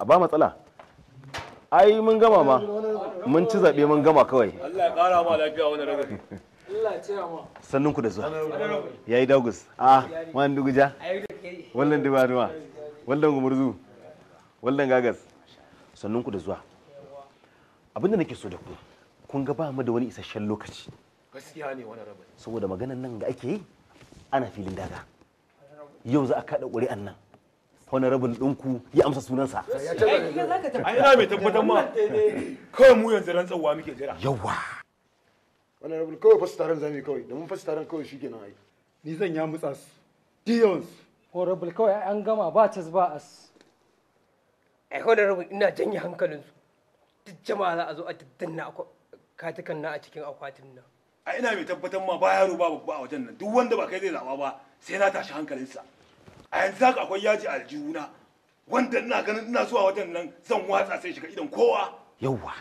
a ba matsala ai mun gama ma mun ci zaɓe mun gama kawai Allah ya ƙara ma lafiya wani ragafi sannun ku da zuwa ya yi dagus a wani duguja wallan dubaduwa wallan gumurzu wallan gagas sannun ku da zuwa abinda nake so da ku kun ga ba mu da wani isasshen lokaci gaskiya ne wani saboda maganan nan da ake yi ana filin daga yau za a kaɗa ƙuri'an nan honorable ɗinku ya amsa sunansa. Ai ina mai tabbatar ma kawai mu yanzu rantsarwa muke jira. Yawa. Honorable kawai fasu taron zamu kawai da mun fasu taron kawai shi kenan ai. Ni zan ya mutsa su. Dions. Honorable kawai an gama ba tas ba as. Ai honorable ina janye su. Duk jama'a za a zo a daddanna katukan na a cikin akwatin nan. Ai ina mai tabbatar ma ba yaro ba babba a wajen nan duk wanda ba kai zai zaɓa ba sai na tashi hankalinsa. a yanzu haka akwai yaji aljihuna wanda ina ganin ina zuwa watan nan zan watsa sai shiga idan kowa yauwa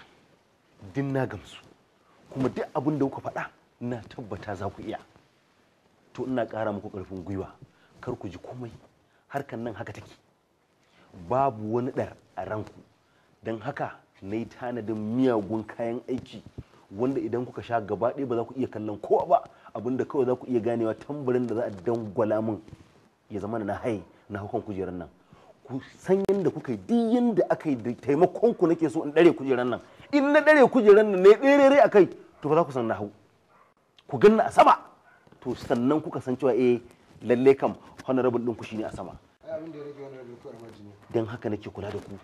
din na gamsu kuma duk abin da kuka faɗa ina tabbata za ku iya to ina ƙara muku ƙarfin gwiwa kar ku ji komai harkan nan haka take babu wani ɗar a ranku don haka na yi tanadin miyagun kayan aiki wanda idan kuka sha gaba ɗaya ba za ku iya kallon kowa ba abinda kawai za ku iya ganewa tambarin da za a dangwala min ya zama na haye na hukun kujerar nan ku san yadda kuka yi duk yadda aka yi da taimakon ku nake so in dare kujerar nan in na dare kujerar nan ne ya a kai to ba za ku san na hau ku ganna a sama to sannan kuka san cewa eh lalle kam honorable din ku shine a sama don haka nake kula da ku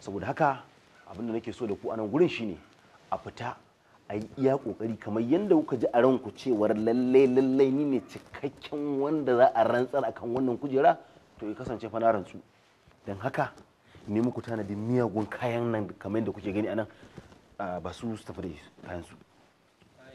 saboda haka abin da nake so da ku a nan gurin shine a fita a yi iya kokari kamar yadda kuka ji a ranku cewar lalle lalle ni ne cikakken wanda za a rantsar akan wannan kujera to ya kasance fa na rantsu don haka ne muku tanadi miyagun kayan nan kamar yadda kuke gani anan ba su su tafi da kayan su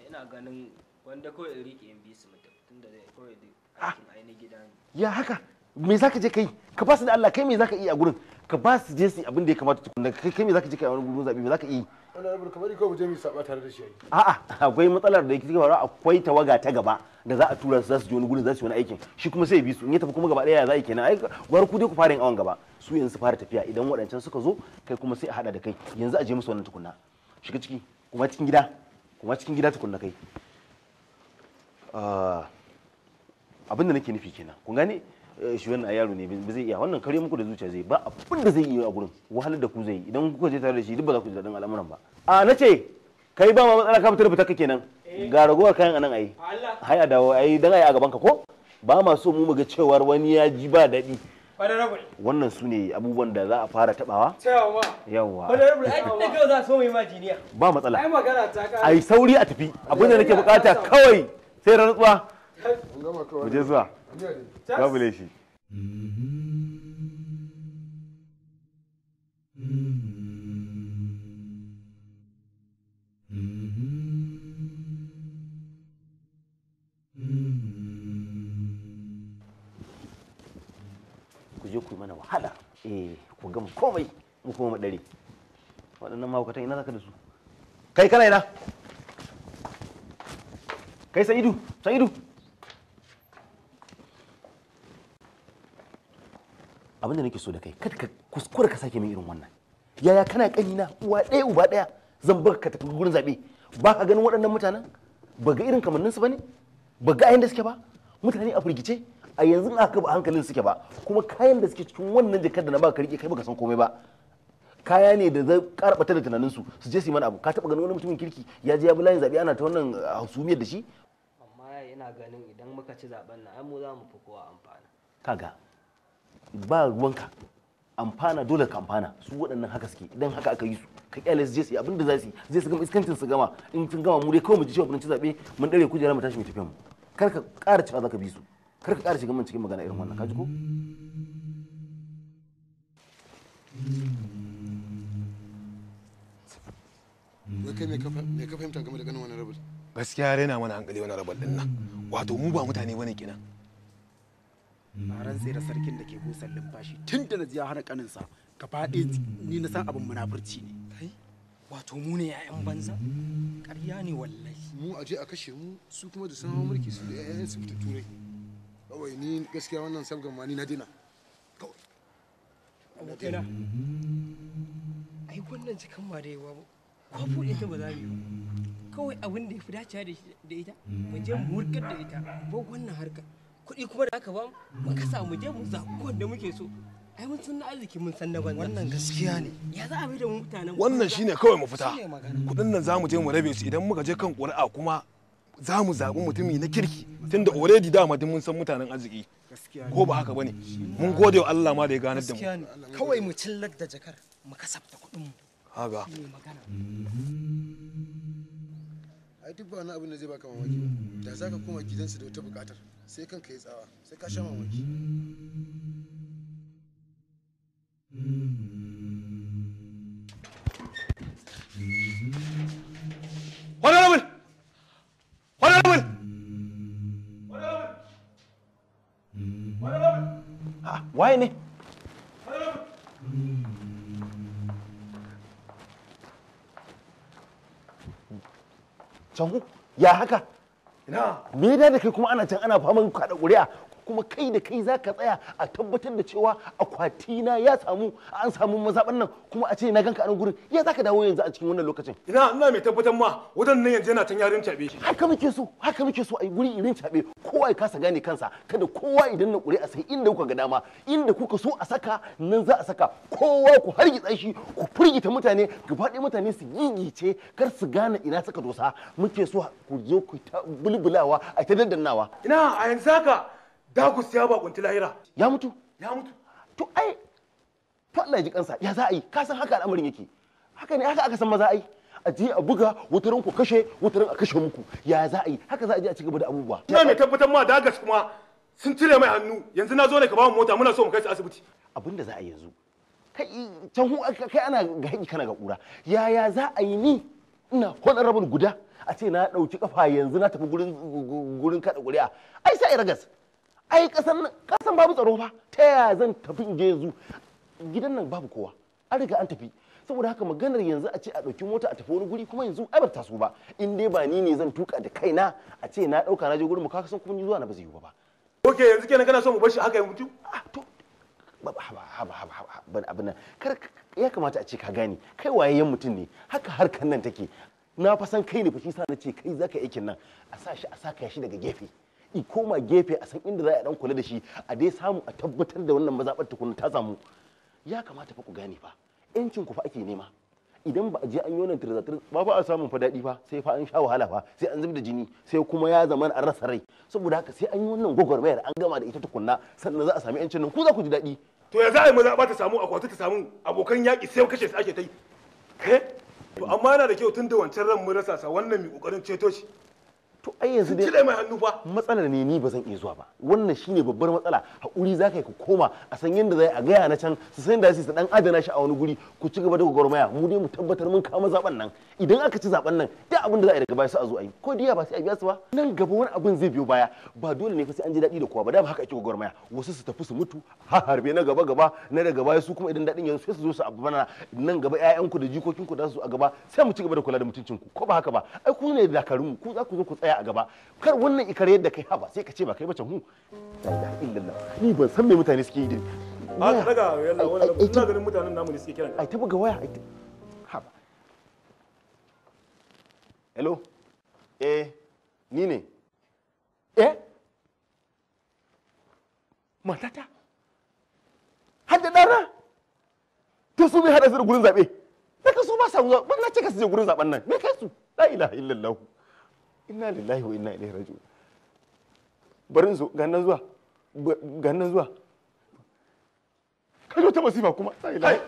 ina ganin wanda kawai in riƙe in bi su mutum zai kawai ah! aikin ainihin gida ne ya haka me zaka je kai ka ba su da Allah kai me zaka iya a gurin ka ba su je su abin da ya kamata tukunna kai me zaka je kai a wani gurin zabi me zaka iya a'a akwai matsalar da yake faruwa akwai tawaga ta gaba da za a tura su za su je wani gudun za su yi wani aikin shi kuma sai bi su in ya tafi kuma gaba daya za a yi kenan ai gwar ku dai ku fara yin awon gaba su yanzu fara tafiya idan waɗancan suka zo kai kuma sai a hada da kai yanzu a je musu wannan tukunna shiga ciki kuma cikin gida kuma cikin gida tukunna kai ah, abin da nake nufi kenan kun gane Eh, shi wannan a yaro ne ba zai iya wannan kare muku da zuciya zai ba abin da zai iya a gurin wahalar da ku zai yi idan kuka je tare da shi duk ba za ku ji daɗin al'amuran ba a na ce kai ba ma matsala ka fitar fitar ka kenan eh. ga ragowar kayan anan ayi hai a dawo ayi dan ayi a gaban ka ko ba ma so mu muga cewar wani ya ji ba daɗi wannan su ne abubuwan da za a fara tabawa yawa ba matsala ai sauri a tafi abin da nake bukata kawai sai rantsuwa mu je zuwa babu laifi ku je ku yi mana wahala eh ku gama komai mu kuma madare waɗannan mahaukatan ina zaka da su kai kana ina kai san idu san idu abin da nake so da kai kada ka kuskura ka sake min irin wannan yaya kana kani na uwa ɗaya uba ɗaya zan baka ka tafi gurin zaɓe ba ka ganin waɗannan mutanen ba ga irin kamanninsu ba ne ba ga da suke ba mutane a firgice a yanzu aka ba hankalin suke ba kuma kayan da suke cikin wannan jakar da na baka rike kai baka san komai ba kaya ne da zai ɓata da tunanin su su je su yi mana abu ka taba ganin wani mutumin kirki ya je ya bi layin zabe ana ta wannan ah, hasumiyar da shi amma yana ganin idan muka ci zaben nan ai mu za mu fi kowa amfana kaga ba ruwanka amfana dole ka amfana su waɗannan haka suke idan haka aka yi su ka kyale su je su abin da za su yi zai su gama iskancin su gama in sun gama mu dai kawai mu ji cewa mun ci zaɓe mun ɗare kujera mu tashi mu tafiya mu kar ka ƙara cewa za ka bi su kar ka ƙara shiga mun cikin magana irin wannan ka ji ko. kai me ka fahimta game da ganin wani rabal gaskiya raina mana hankali wani rabal din nan wato mu ba mutane bane kenan a mm. rantse da sarkin da ke gusar limfashi tun da na ji hana kaninsa ka ɗaya ni na san abin munafurci ne kai wato mu ne yayan banza mm. ƙarya ne wallahi mu aje a kashe mu su kuma da sun mulki su da yayan su fita turai kawai ni gaskiya wannan sabgan ma ni na dina kawai abokina mm-hmm. ai wannan cikin ma da yawa ko buɗe ta ba za mu yi kawai abin da ya fi dacewa da ita mu je mu wurgar da ita ba wannan harkar kuɗi kuma da aka ba mu kasa mu je mu zaɓi wanda muke so ai mun san na arziki mun san na banza wannan gaskiya ne ya za a bi da mu mutanen wannan shine kawai mu fita kuɗin nan zamu je mu rabe su idan muka je kan ƙuri'a kuma za mu zaɓi mutumi na kirki tunda already dama duk mun san mutanen arziki ko ba haka bane mun gode wa Allah ma da ya ganar da mu kawai mu cillar da jakar mu kasafta kuɗin mu haga duk ba wani abin da zai baka mamaki ba da za ka koma gidansu da wata bukatar sai kanka ya tsawa sai ka sha mamaki Canku, ya haka? Ina. Me da kai kuma ana can ana faman kaɗa ƙuri'a kuma kai da kai za ka tsaya a tabbatar da cewa akwatina ya samu an samu mazaɓan nan kuma a ce na ganka a gurin ya za ka dawo yanzu a cikin wannan lokacin ina ina mai tabbatar ma wajen nan yanzu yana can yarin cabe haka muke so haka muke so a guri irin cabe kowa ya kasa gane kansa kada kowa idan na ƙuri a sai inda kuka ga dama inda kuka so a saka nan za a saka kowa ku hargitsa shi ku firgita mutane gaba ɗaya mutane su gigice kar su gane ina suka dosa muke so ku zo ku bulbulawa a ta daddannawa ina a yanzu haka Dagus ya bakunti lahira. Ya mutu? Ya mutu. To ai to Allah ya ji kansa ya za a yi ka san haka al'amarin yake. Haka ne haka aka san maza yi a je a buga wutarin ku kashe wutarin a kashe muku ya za a yi haka za a je a cigaba da abubuwa ina mai tabbatar ma dagas kuma sun cire mai hannu yanzu na zo ne ka ba mu mota muna so mu kai su asibiti abinda da za a yanzu kai can hu kai ana ga kana ga kura yaya za a yi ni ina holar rabin guda a ce na dauki kafa yanzu na tafi gurin gurin kada kuri'a ai sai ragas ai kasan nan kasan babu tsaro fa ta yaya zan tafi in je yanzu gidan nan babu kowa an riga an tafi saboda haka maganar yanzu a ce a ɗauki mota a tafi wani guri kuma yanzu ai bata taso ba in dai ba ni ne zan tuka da kaina a ce na ɗauka na je gurin mu ka san kuma ni zuwa na ba zai yi ba ok yanzu kenan kana son mu bashi haka ya mutu ah, to ba ba ba ba ba abin nan kar ya kamata a ce ka gane kai wayayyen mutum ne haka harkan nan take na fasan kai ne fa shi sa na ce kai zaka aikin nan a sa shi a saka shi daga gefe i koma gefe a san inda za a dan kula da shi a dai samu a tabbatar da wannan mazaɓar tukunna ta samu ya kamata fa ku gane fa yancin ku fa ake nema idan ba a je an yonan tirzatir ba ba a samun fa daɗi fa sai fa an sha wahala fa sai an zub da jini sai kuma ya zama a rasa rai saboda haka sai an yi wannan gwagwarmayar an gama da ita tukunna sannan za a sami yancin nan ku za ku ji daɗi to ya za a yi mazaɓa ta samu akwati ta samu abokan yaƙi sai kashe su ake ta yi to amma yana da kyau tun da wancan ran mun rasa sa wannan mai ƙoƙarin ceto shi to ai yanzu dai mai hannu fa matsala ne ni ba zan iya zuwa ba wannan shine babbar matsala hakuri zaka yi ku koma a san yanda zai a gaya na can su san da su su dan adana shi a wani guri ku ci gaba da gwagwarmaya mu dai mu tabbatar mun kama zaben nan idan aka ci zaben nan da abin da za a yi daga baya su a zo a yi ko diya ba sai a biya su ba nan gaba wani abin zai biyo baya ba dole ne fa sai an ji daɗi da kowa ba da ba haka ake gwagwarmaya wasu su tafi su mutu ha harbe na gaba gaba na daga baya su kuma idan daɗin yanzu sai su zo su abu bana nan gaba ƴaƴanku da jikokinku da su a gaba sai mu ci gaba da kula da mutuncinku ko ba haka ba ai ku ne dakarunmu ku za ku zo ku tsaya tsaya a gaba kar wannan ikar yadda kai haba sai ka ce ba kai bace hu illallah ni ban san me mutane suke yi din a ka daga yalla wannan ina ganin mutanen namu ne suke kiran ai ta buga waya ai haba hello eh ni ne eh matata hadda dara to su bai hada su da gurin zabe Naka su ba sa ba na ce ka su je gurin zaben nan me kai su la ilaha illallah inna lillahi wa inna ilaihi raji'un barin zo ga nan zuwa ga nan zuwa ka zo ta masifa kuma sai lai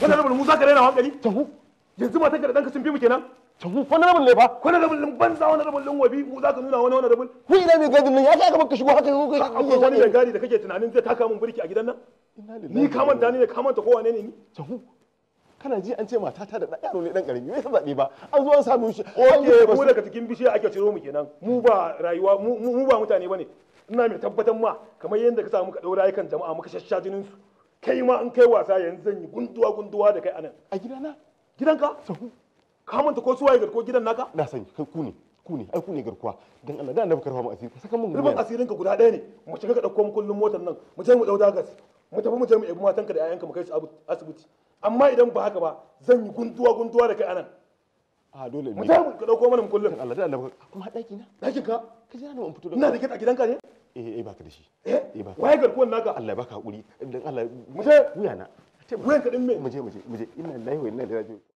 wannan rubun mu zaka rena hankali tahu yanzu mata ga da danka sun fi mu kenan tahu wannan rubun ne fa wannan rubun lin banza wannan rubun lin wabi mu zaka nuna wannan wannan rubun ku ina mai gadin nan ya ka maka shigo haka ko kai wani mai gadi da kake tunanin zai taka mun burki a gidan nan ni ka manta ni ne ka manta kowa ne ne ni tahu kana ji an ce mata ta da yaro ne ɗan karami bai san ba an zo an samu shi oke mu daga cikin bishiya ake ciro mu kenan mu ba rayuwa mu ba mutane bane ina mai tabbatar ma kamar yadda ka samu ka ɗaura ayyukan jama'a muka shashsha jinin su kai ma an kai wasa yanzu zan yi gunduwa gunduwa da kai anan a gidana gidanka ka manta ko suwaye garko gidan naka na sani kai ku ne ku ne ai ku ne garkuwa dan Allah da annabi karfa mu asiri saka mun rubin asirin ka guda ɗaya ne mu shiga ka ɗauko mu kullun motar nan mu je mu dauda gas mu tafi mu je mu ebi matanka da ayyanka mu kai su asibiti amma idan ba haka ba zan yi guntuwa guntuwa da kai anan a dole ne mutum ka dauko mana kullum Allah da Allah kuma daki na daki ka ka jira na fito da ina da kai a gidanka ne eh, eh eh baka da shi eh eh baka waye garkuwan naka Allah baka hakuri dan Allah mutum wuya na wuyan ka din me je mu je inna lillahi wa inna ilaihi raji'un